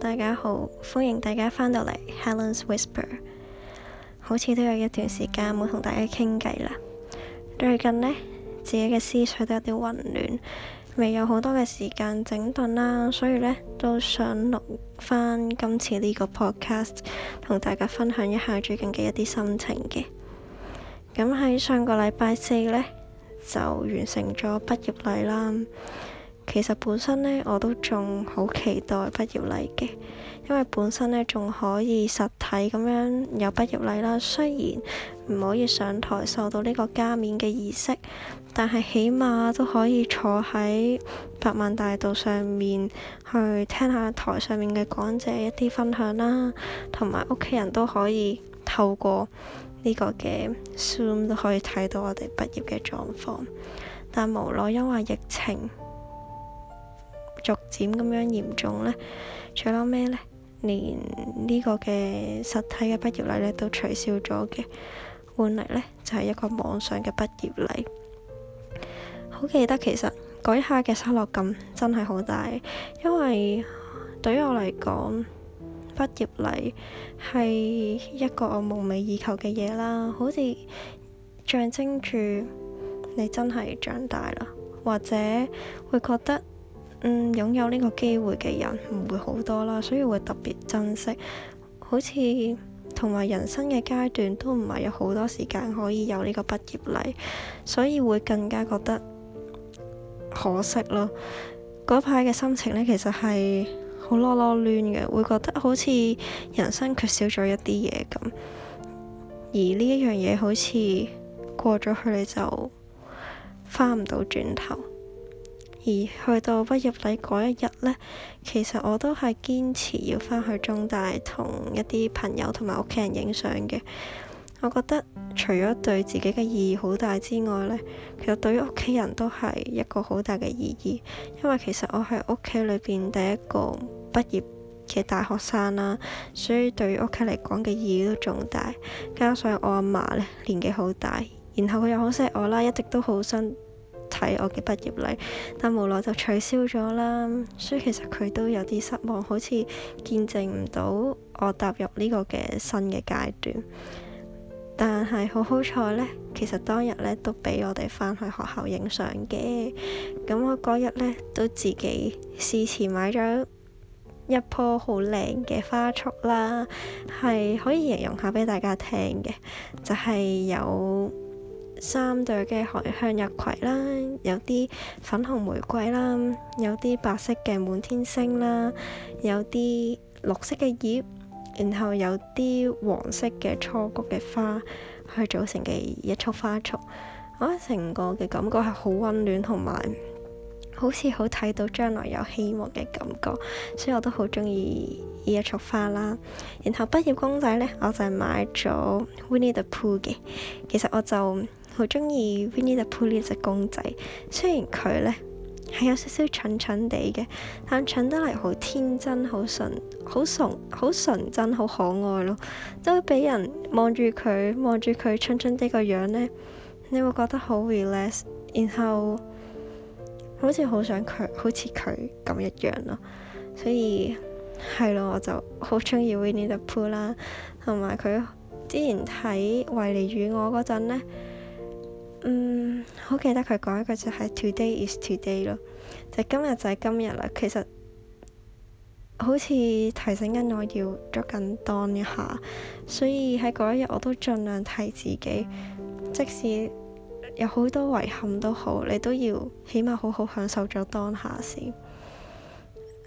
大家好，歡迎大家翻到嚟 Helen's Whisper，好似都有一段時間冇同大家傾偈啦。最近呢，自己嘅思緒都有啲混亂，未有好多嘅時間整頓啦，所以呢，都想錄翻今次呢個 podcast，同大家分享一下最近嘅一啲心情嘅。咁喺上個禮拜四呢，就完成咗畢業禮啦。其實本身呢，我都仲好期待畢業禮嘅，因為本身呢，仲可以實體咁樣有畢業禮啦。雖然唔可以上台受到呢個加冕嘅儀式，但係起碼都可以坐喺百萬大道上面去聽下台上面嘅講者一啲分享啦，同埋屋企人都可以透過呢個嘅 Zoom 都可以睇到我哋畢業嘅狀況。但無奈因為疫情，逐漸咁樣嚴重呢，最後尾呢，連呢個嘅實體嘅畢業禮呢都取消咗嘅，換嚟呢，就係一個網上嘅畢業禮。好記得其實嗰一下嘅失落感真係好大，因為對於我嚟講，畢業禮係一個我夢寐以求嘅嘢啦，好似象徵住你真係長大啦，或者會覺得。嗯，擁有呢個機會嘅人唔會好多啦，所以會特別珍惜。好似同埋人生嘅階段都唔係有好多時間可以有呢個畢業禮，所以會更加覺得可惜咯。嗰排嘅心情呢，其實係好囉囉攣嘅，會覺得好似人生缺少咗一啲嘢咁。而呢一樣嘢好似過咗去你就返唔到轉頭。而去到畢業禮嗰一日呢，其實我都係堅持要翻去中大同一啲朋友同埋屋企人影相嘅。我覺得除咗對自己嘅意義好大之外呢，其實對於屋企人都係一個好大嘅意義，因為其實我係屋企裏邊第一個畢業嘅大學生啦，所以對於屋企嚟講嘅意義都重大。加上我阿嫲呢，年紀好大，然後佢又好錫我啦，一直都好親。睇我嘅畢業禮，但無奈就取消咗啦，所以其實佢都有啲失望，好似見證唔到我踏入呢個嘅新嘅階段。但係好好彩呢，其實當日呢都俾我哋翻去學校影相嘅，咁我嗰日呢都自己事前買咗一棵好靚嘅花束啦，係可以形容下俾大家聽嘅，就係、是、有，三對嘅向日葵啦，有啲粉紅玫瑰啦，有啲白色嘅滿天星啦，有啲綠色嘅葉，然後有啲黃色嘅雛菊嘅花去組成嘅一束花束。我、啊、成個嘅感覺係好温暖，同埋好似好睇到將來有希望嘅感覺，所以我都好中意呢一束花啦。然後畢業公仔呢，我就係買咗《Winnie the Pooh》嘅。其實我就～好中意 Winnie the Pooh 呢隻公仔，雖然佢呢係有少少蠢蠢地嘅，但蠢得嚟好天真、好純、好純、好純真、好可愛咯。都俾人望住佢，望住佢蠢蠢地個樣呢，你會覺得好 relax，然後好似好想佢，好似佢咁一樣咯。所以係咯，我就好中意 Winnie the Pooh 啦，同埋佢之前睇《維尼與我呢》嗰陣咧。嗯，好記得佢講一句就係 Today is today 咯，就今日就係今日啦。其實好似提醒緊我要捉緊當下，所以喺嗰一日我都盡量提自己，即使有好多遺憾都好，你都要起碼好好享受咗當下先。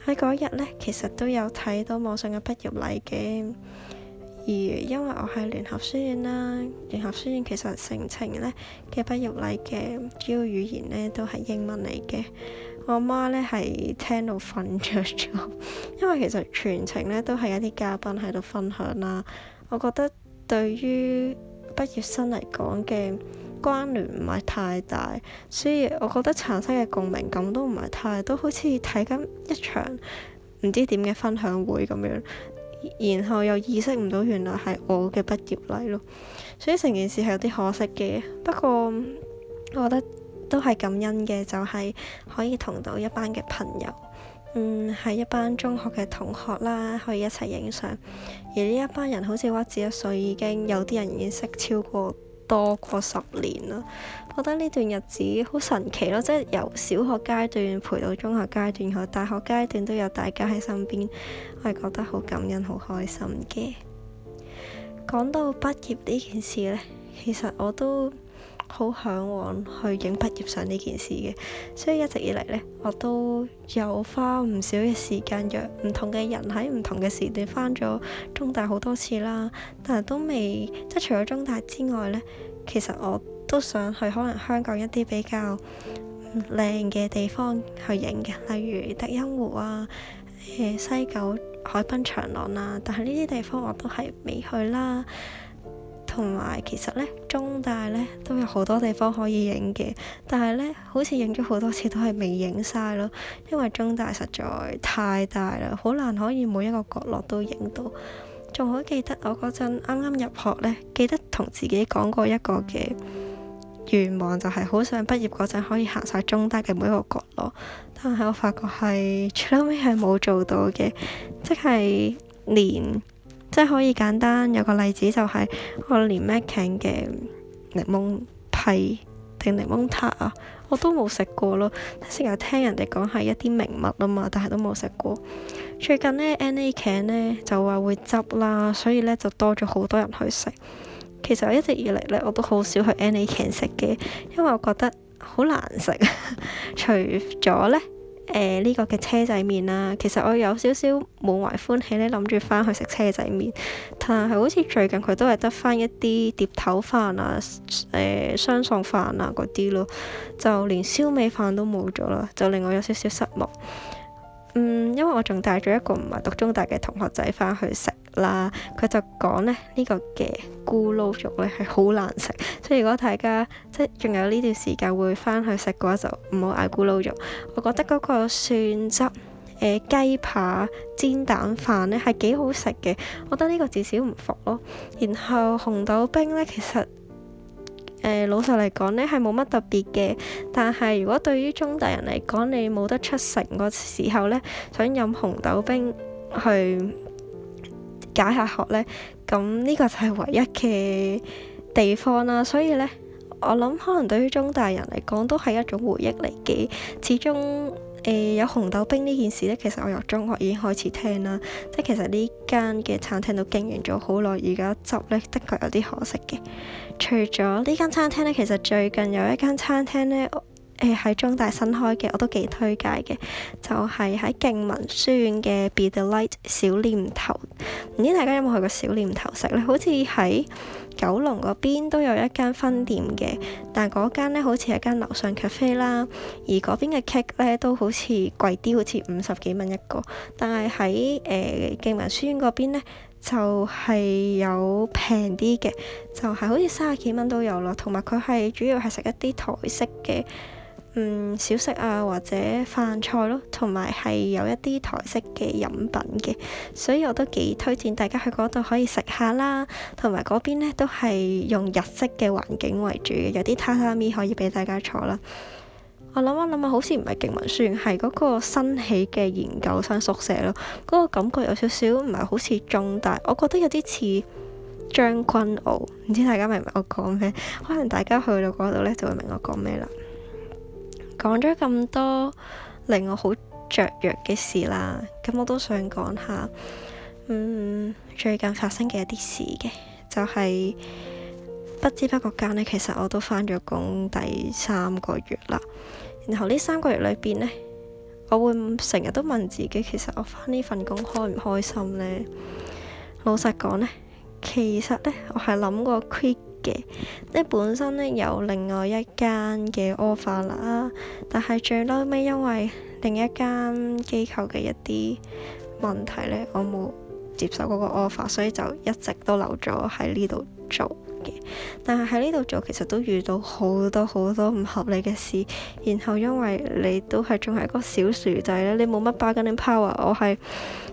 喺嗰日呢，其實都有睇到網上嘅畢業禮嘅。而因為我係聯合書院啦，聯合書院其實成程咧嘅畢業禮嘅主要語言咧都係英文嚟嘅。我媽咧係聽到瞓着咗，因為其實全程咧都係一啲嘉賓喺度分享啦。我覺得對於畢業生嚟講嘅關聯唔係太大，所以我覺得產生嘅共鳴感都唔係太多，好似睇緊一場唔知點嘅分享會咁樣。然後又意識唔到原來係我嘅畢業禮咯，所以成件事係有啲可惜嘅。不過我覺得都係感恩嘅，就係可以同到一班嘅朋友，嗯，係一班中學嘅同學啦，可以一齊影相。而呢一班人好似屈指一數，已經有啲人已經識超過，多過十年啦，覺得呢段日子好神奇咯，即係由小學階段陪到中學階段，去大學階段都有大家喺身邊，我係覺得好感恩、好開心嘅。講到畢業呢件事呢，其實我都～好向往去影畢業相呢件事嘅，所以一直以嚟呢，我都有花唔少嘅時間約唔同嘅人喺唔同嘅時段返咗中大好多次啦，但係都未即係除咗中大之外呢，其實我都想去可能香港一啲比較靚嘅地方去影嘅，例如德欣湖啊、誒西九海濱長廊啊，但係呢啲地方我都係未去啦。同埋，其實咧，中大咧都有好多地方可以影嘅，但係咧，好似影咗好多次都係未影晒咯，因為中大實在太大啦，好難可以每一個角落都影到。仲好記得我嗰陣啱啱入學咧，記得同自己講過一個嘅願望，就係好想畢業嗰陣可以行晒中大嘅每一個角落。但係我發覺係最後尾係冇做到嘅，即係連。即係可以簡單有個例子，就係我連麥肯嘅檸檬批定檸檬塔啊，我都冇食過咯。成日聽人哋講係一啲名物啊嘛，但係都冇食過。最近呢，NA 肯呢就話會執啦，所以呢就多咗好多人去食。其實一直以嚟呢，我都好少去 NA 肯食嘅，因為我覺得好難食。 除咗呢。誒呢、呃這個嘅車仔麵啦、啊，其實我有少少滿懷歡喜咧，諗住翻去食車仔麵，但係好似最近佢都係得翻一啲碟頭飯啊、誒、呃、雙餸飯啊嗰啲咯，就連燒味飯都冇咗啦，就令我有少少失望。嗯，因為我仲帶咗一個唔係讀中大嘅同學仔翻去食啦，佢就講呢呢、呢個嘅咕嚕肉呢係好難食，所以如果大家即係仲有呢段時間會翻去食嘅話，就唔好嗌咕嚕肉。我覺得嗰個蒜汁誒雞、呃、扒煎蛋飯呢係幾好食嘅，我覺得呢個至少唔服咯。然後紅豆冰呢其實。誒、呃、老實嚟講呢係冇乜特別嘅。但係如果對於中大人嚟講，你冇得出城個時候呢，想飲紅豆冰去解下渴呢，咁呢個就係唯一嘅地方啦、啊。所以呢，我諗可能對於中大人嚟講，都係一種回憶嚟嘅，始終。誒、呃，有紅豆冰呢件事呢，其實我由中學已經開始聽啦，即係其實呢間嘅餐廳都經營咗好耐，而家執呢，的確有啲可惜嘅。除咗呢間餐廳呢，其實最近有一間餐廳呢，誒、呃、喺中大新開嘅，我都幾推介嘅，就係、是、喺敬文書院嘅 Be the Light 小念頭。唔知大家有冇去過小念頭食呢？好似喺。九龍嗰邊都有一間分店嘅，但係嗰間呢，好似係間樓上咖啡啦，而嗰邊嘅 cake 呢都好似貴啲，好似五十幾蚊一個。但係喺誒敬文書院嗰邊呢，就係有平啲嘅，就係好似三十幾蚊都有咯。同埋佢係主要係食一啲台式嘅。嗯，小食啊，或者飯菜咯，同埋係有一啲台式嘅飲品嘅，所以我都幾推薦大家去嗰度可以食下啦。同埋嗰邊咧都係用日式嘅環境為主嘅，有啲榻榻米可以俾大家坐啦。我諗一諗啊，好似唔係勁文算，算係嗰個新起嘅研究生宿舍咯。嗰、那個感覺有少少唔係好似中大，我覺得有啲似將軍澳，唔知大家明唔明我講咩？可能大家去到嗰度呢，就會明我講咩啦。講咗咁多令我好雀躍嘅事啦，咁我都想講下，嗯，最近發生嘅一啲事嘅，就係，不知不覺間呢，其實我都返咗工第三個月啦，然後呢三個月裏邊呢，我會成日都問自己，其實我返呢份工開唔開心呢？老實講呢，其實呢，我係諗過 quit。嘅，即本身咧有另外一間嘅 offer 啦，但係最嬲尾因為另一間機構嘅一啲問題咧，我冇接受嗰個 offer，所以就一直都留咗喺呢度做嘅。但係喺呢度做其實都遇到好多好多唔合理嘅事，然後因為你都係仲係一個小薯仔咧，你冇乜 bargaining power，我係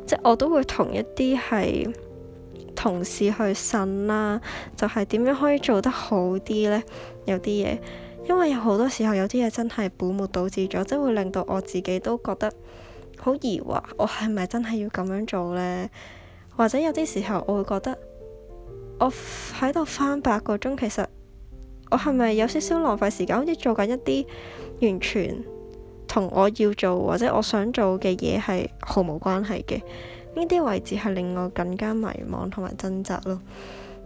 即我都會同一啲係。同事去呻啦、啊，就係、是、點樣可以做得好啲呢？有啲嘢，因為有好多時候有啲嘢真係本末倒置咗，即係會令到我自己都覺得好疑惑，我係咪真係要咁樣做呢？或者有啲時候我會覺得，我喺度返八個鐘，其實我係咪有少少浪費時間？好似做緊一啲完全同我要做或者我想做嘅嘢係毫無關係嘅。呢啲位置係令我更加迷茫同埋掙扎咯。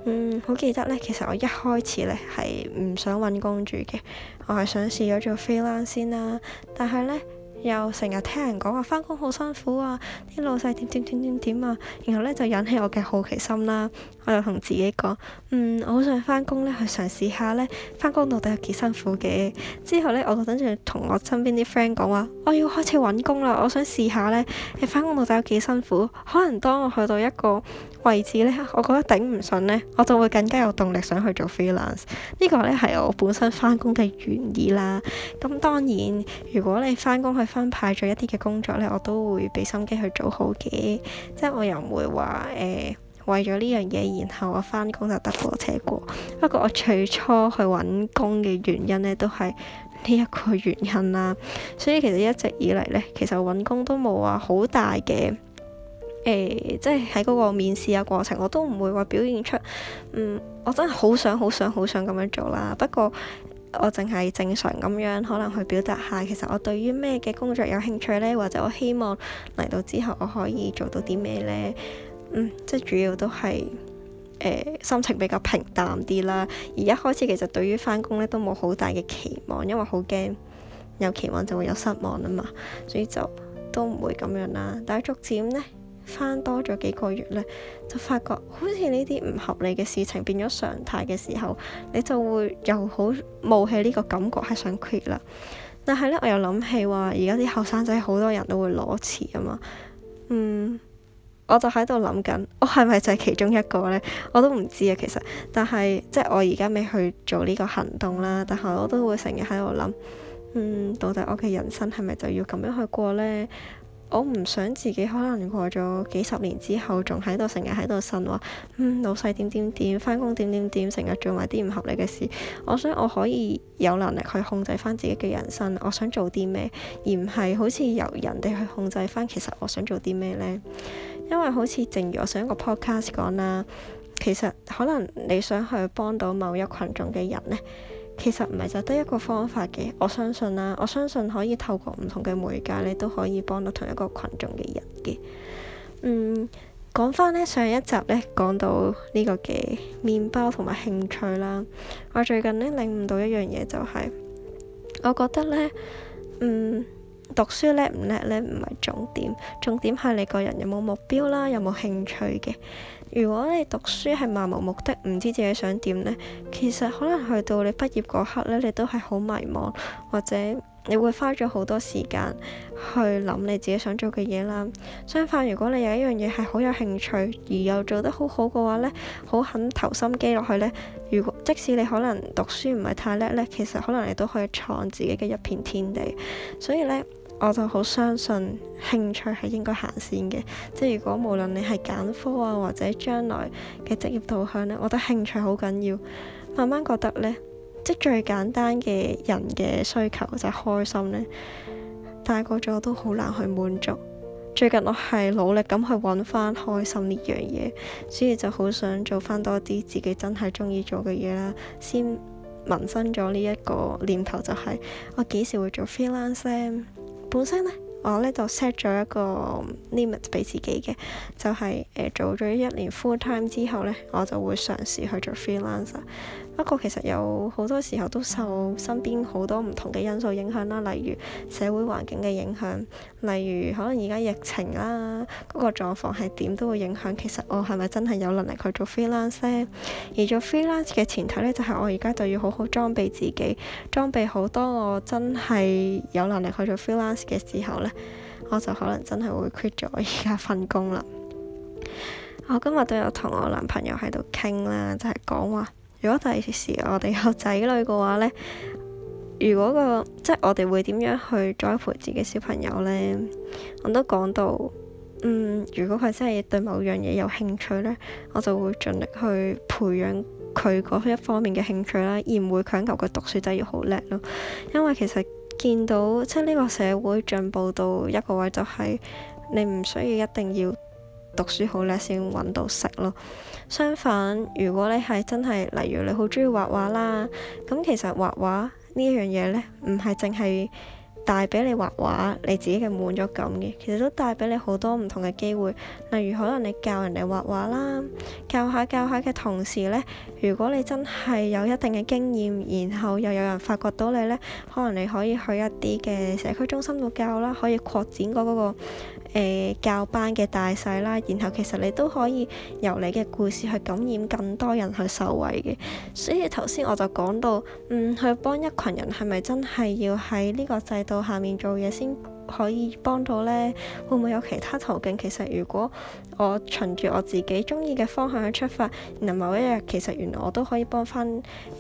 嗯，好記得呢，其實我一開始呢係唔想揾工住嘅，我係想試咗做飛鏟先啦、啊。但係呢，又成日聽人講話翻工好辛苦啊，啲老細點點點點點啊，然後呢就引起我嘅好奇心啦、啊。我就同自己講，嗯，我好想翻工咧，去嘗試下咧，翻工到底有幾辛苦嘅。之後咧，我就等住同我身邊啲 friend 講話，我要開始揾工啦，我想試下咧，你翻工到底有幾辛苦？可能當我去到一個位置咧，我覺得頂唔順咧，我就會更加有動力想去做 freelance。呢個咧係我本身翻工嘅原意啦。咁當然，如果你翻工去分派咗一啲嘅工作咧，我都會俾心機去做好嘅，即係我又唔會話誒。欸為咗呢樣嘢，然後我返工就得過且過。不過我最初去揾工嘅原因呢，都係呢一個原因啦。所以其實一直以嚟呢，其實揾工都冇話好大嘅。誒、呃，即係喺嗰個面試嘅過程，我都唔會話表現出，嗯，我真係好想好想好想咁樣做啦。不過我淨係正常咁樣，可能去表達下，其實我對於咩嘅工作有興趣呢？或者我希望嚟到之後我可以做到啲咩呢？嗯、即係主要都係誒、呃、心情比較平淡啲啦。而一開始其實對於翻工咧都冇好大嘅期望，因為好驚有期望就會有失望啊嘛。所以就都唔會咁樣啦。但係逐漸咧翻多咗幾個月咧，就發覺好似呢啲唔合理嘅事情變咗常態嘅時候，你就會又好冒起呢個感覺係想 quit 啦。但係咧，我又諗起話而家啲後生仔好多人都會裸辭啊嘛。嗯。我就喺度諗緊，我係咪就係其中一個呢？我都唔知啊。其實，但係即係我而家未去做呢個行動啦。但係我都會成日喺度諗，嗯，到底我嘅人生係咪就要咁樣去過呢？我唔想自己可能過咗幾十年之後，仲喺度成日喺度呻話，嗯，老細點點點，翻工點點點，成日做埋啲唔合理嘅事。我想我可以有能力去控制翻自己嘅人生，我想做啲咩，而唔係好似由人哋去控制翻。其實我想做啲咩呢？因為好似正如我上一個 podcast 講啦，其實可能你想去幫到某一群眾嘅人呢，其實唔係就得一個方法嘅。我相信啦，我相信可以透過唔同嘅媒介呢，你都可以幫到同一個群眾嘅人嘅。嗯，講翻呢，上一集呢講到呢個嘅麵包同埋興趣啦，我最近呢，領悟到一樣嘢就係、是，我覺得呢。嗯。讀書叻唔叻呢？唔係重點，重點係你個人有冇目標啦，有冇興趣嘅。如果你讀書係漫無目的，唔知自己想點呢，其實可能去到你畢業嗰刻呢，你都係好迷茫，或者。你會花咗好多時間去諗你自己想做嘅嘢啦。相反，如果你有一樣嘢係好有興趣，而又做得好好嘅話呢，好肯投心機落去呢，如果即使你可能讀書唔係太叻呢，其實可能你都可以創自己嘅一片天地。所以呢，我就好相信興趣係應該行先嘅。即係如果無論你係揀科啊，或者將來嘅職業導向呢，我覺得興趣好緊要。慢慢覺得呢。即係最簡單嘅人嘅需求就係開心咧，大個咗都好難去滿足。最近我係努力咁去揾翻開心呢樣嘢，所以就好想做翻多啲自己真係中意做嘅嘢啦。先萌生咗呢一個念頭就係我幾時會做 freelance 咧本身咧。我呢度 set 咗一個 limit 俾自己嘅，就係、是、誒、呃、做咗一年 full time 之後呢，我就會嘗試去做 freelancer。不過其實有好多時候都受身邊好多唔同嘅因素影響啦，例如社會環境嘅影響，例如可能而家疫情啦，嗰、那個狀況係點都會影響。其實我係咪真係有能力去做 freelancer 呢？而做 freelance 嘅前提呢，就係我而家就要好好裝備自己，裝備好多我真係有能力去做 freelance 嘅、就是、時候呢。我就可能真係會 quit 咗而家份工啦。我今日都有同我男朋友喺度傾啦，就係講話，如果第時我哋有仔女嘅話呢，如果個即係我哋會點樣去栽培自己小朋友呢？我都講到，嗯，如果佢真係對某樣嘢有興趣呢，我就會盡力去培養佢嗰一方面嘅興趣啦，而唔會強求佢讀書就要好叻咯，因為其實。見到即係呢個社會進步到一個位，就係你唔需要一定要讀書好叻先揾到食咯。相反，如果你係真係，例如你好鍾意畫畫啦，咁其實畫畫呢樣嘢呢，唔係淨係。帶俾你畫畫，你自己嘅滿足感嘅，其實都帶俾你好多唔同嘅機會。例如可能你教人哋畫畫啦，教下教下嘅同時呢，如果你真係有一定嘅經驗，然後又有人發掘到你呢，可能你可以去一啲嘅社區中心度教啦，可以擴展嗰個嗰個誒、呃、教班嘅大細啦，然後其實你都可以由你嘅故事去感染更多人去受惠嘅。所以頭先我就講到，嗯，去幫一群人係咪真係要喺呢個制度下面做嘢先可以幫到呢？會唔會有其他途徑？其實如果我循住我自己中意嘅方向去出發，然後某一日其實原來我都可以幫翻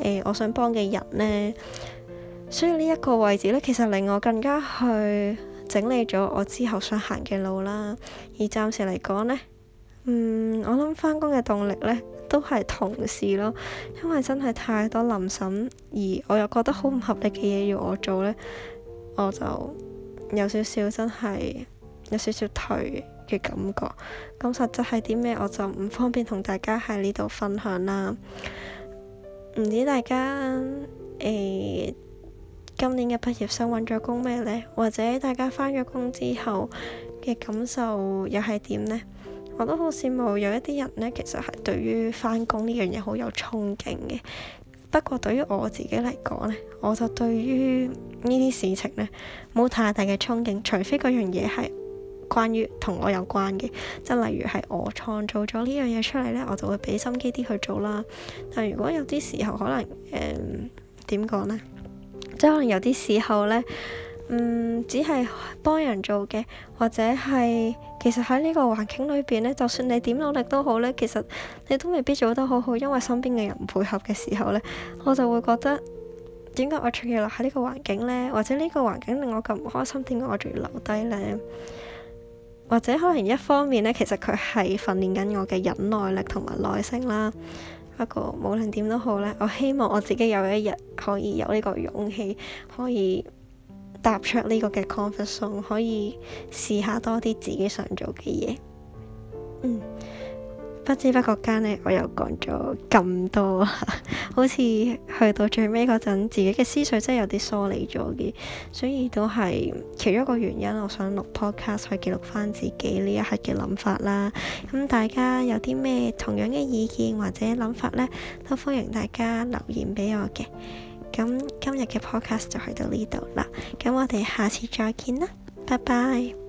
誒我想幫嘅人呢。所以呢一個位置呢，其實令我更加去。整理咗我之後想行嘅路啦，而暫時嚟講呢，嗯，我諗返工嘅動力呢都係同事咯，因為真係太多臨審，而我又覺得好唔合理嘅嘢要我做呢，我就有少少真係有少少頹嘅感覺。咁實質係啲咩，我就唔方便同大家喺呢度分享啦。唔知大家誒？欸今年嘅畢業生揾咗工咩呢？或者大家翻咗工之後嘅感受又係點呢？我都好羨慕有一啲人呢，其實係對於翻工呢樣嘢好有憧憬嘅。不過對於我自己嚟講呢，我就對於呢啲事情呢，冇太大嘅憧憬，除非嗰樣嘢係關於同我有關嘅，即係例如係我創造咗呢樣嘢出嚟呢，我就會俾心機啲去做啦。但如果有啲時候，可能誒點講呢？嗯即係可能有啲時候呢，嗯，只係幫人做嘅，或者係其實喺呢個環境裏邊呢，就算你點努力都好呢，其實你都未必做得好好，因為身邊嘅人唔配合嘅時候呢，我就會覺得點解我仲要留喺呢個環境呢？或者呢個環境令我咁唔開心，點解我仲要留低呢？或者可能一方面呢，其實佢係訓練緊我嘅忍耐力同埋耐性啦。不過無論點都好咧，我希望我自己有一日可以有呢個勇氣，可以踏出呢個嘅 comfort zone，可以試下多啲自己想做嘅嘢。嗯。不知不覺間呢，我又講咗咁多啦， 好似去到最尾嗰陣，自己嘅思緒真係有啲梳理咗嘅，所以都係其中一個原因，我想錄 podcast 去記錄翻自己呢一刻嘅諗法啦。咁大家有啲咩同樣嘅意見或者諗法呢，都歡迎大家留言俾我嘅。咁今日嘅 podcast 就去到呢度啦，咁我哋下次再見啦，拜拜。